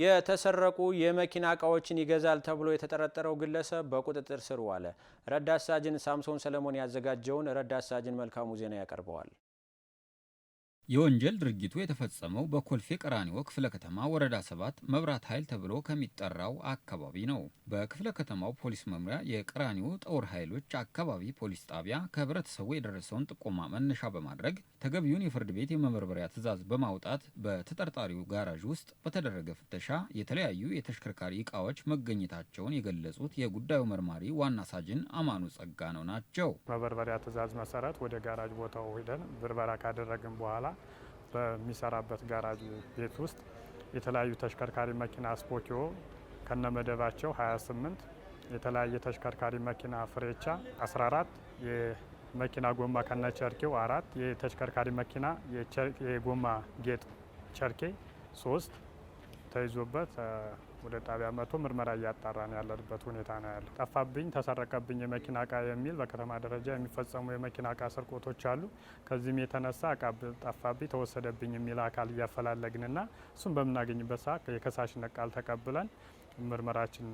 የተሰረቁ የመኪና እቃዎችን ይገዛል ተብሎ የተጠረጠረው ግለሰብ በቁጥጥር ስር ዋለ። ረዳት ሳጅን ሳምሶን ሰለሞን ያዘጋጀውን ረዳት ሳጅን መልካሙ ዜና ያቀርበዋል። የወንጀል ድርጊቱ የተፈጸመው በኮልፌ ቀራኒዮ ክፍለ ከተማ ወረዳ ሰባት መብራት ኃይል ተብሎ ከሚጠራው አካባቢ ነው። በክፍለ ከተማው ፖሊስ መምሪያ የቀራኒዮ ጦር ኃይሎች አካባቢ ፖሊስ ጣቢያ ከህብረተሰቡ የደረሰውን ጥቆማ መነሻ በማድረግ ተገቢውን የፍርድ ቤት የመበርበሪያ ትዕዛዝ በማውጣት በተጠርጣሪው ጋራዥ ውስጥ በተደረገ ፍተሻ የተለያዩ የተሽከርካሪ እቃዎች መገኘታቸውን የገለጹት የጉዳዩ መርማሪ ዋና ሳጅን አማኑ ጸጋ ነው ናቸው። መበርበሪያ ትዕዛዝ መሰረት ወደ ጋራጅ ቦታው ሄደን ብርበራ ካደረግን በኋላ በሚሰራበት ጋራጅ ቤት ውስጥ የተለያዩ ተሽከርካሪ መኪና ስፖኪዮ ከነመደባቸው 28 የተለያየ ተሽከርካሪ መኪና ፍሬቻ 14 የመኪና ጎማ ቸርኬው አራት የተሽከርካሪ መኪና የጎማ ጌጥ ቸርኬ ሶስት ተይዞበት ወደ ጣቢያ መጥቶ ምርመራ እያጣራን ያለንበት ሁኔታ ነው ያለ። ጠፋብኝ፣ ተሰረቀብኝ የመኪና እቃ የሚል በከተማ ደረጃ የሚፈጸሙ የመኪና እቃ ስርቆቶች አሉ። ከዚህም የተነሳ እቃ ጠፋብኝ፣ ተወሰደብኝ የሚል አካል እያፈላለግንና እሱን በምናገኝበት ሰዓት የከሳሽነት ቃል ተቀብለን ምርመራችን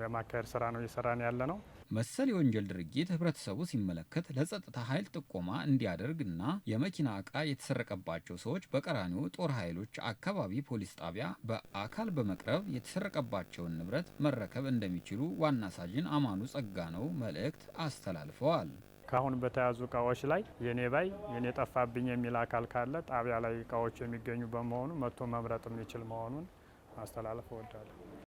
ለማካሄድ ስራ ነው እየሰራን ያለ ነው። መሰል የወንጀል ድርጊት ህብረተሰቡ ሲመለከት ለጸጥታ ኃይል ጥቆማ እንዲያደርግ እና የመኪና ዕቃ የተሰረቀባቸው ሰዎች በቀራኒው ጦር ኃይሎች አካባቢ ፖሊስ ጣቢያ በአካል በመቅረብ የተሰረቀባቸውን ንብረት መረከብ እንደሚችሉ ዋና ሳጅን አማኑ ነው መልእክት አስተላልፈዋል። ካሁን በተያዙ እቃዎች ላይ የኔ ባይ የኔ ጠፋብኝ የሚል አካል ካለ ጣቢያ ላይ እቃዎች የሚገኙ በመሆኑ መጥቶ መምረጥ የሚችል መሆኑን ማስተላለፍ እወዳለሁ።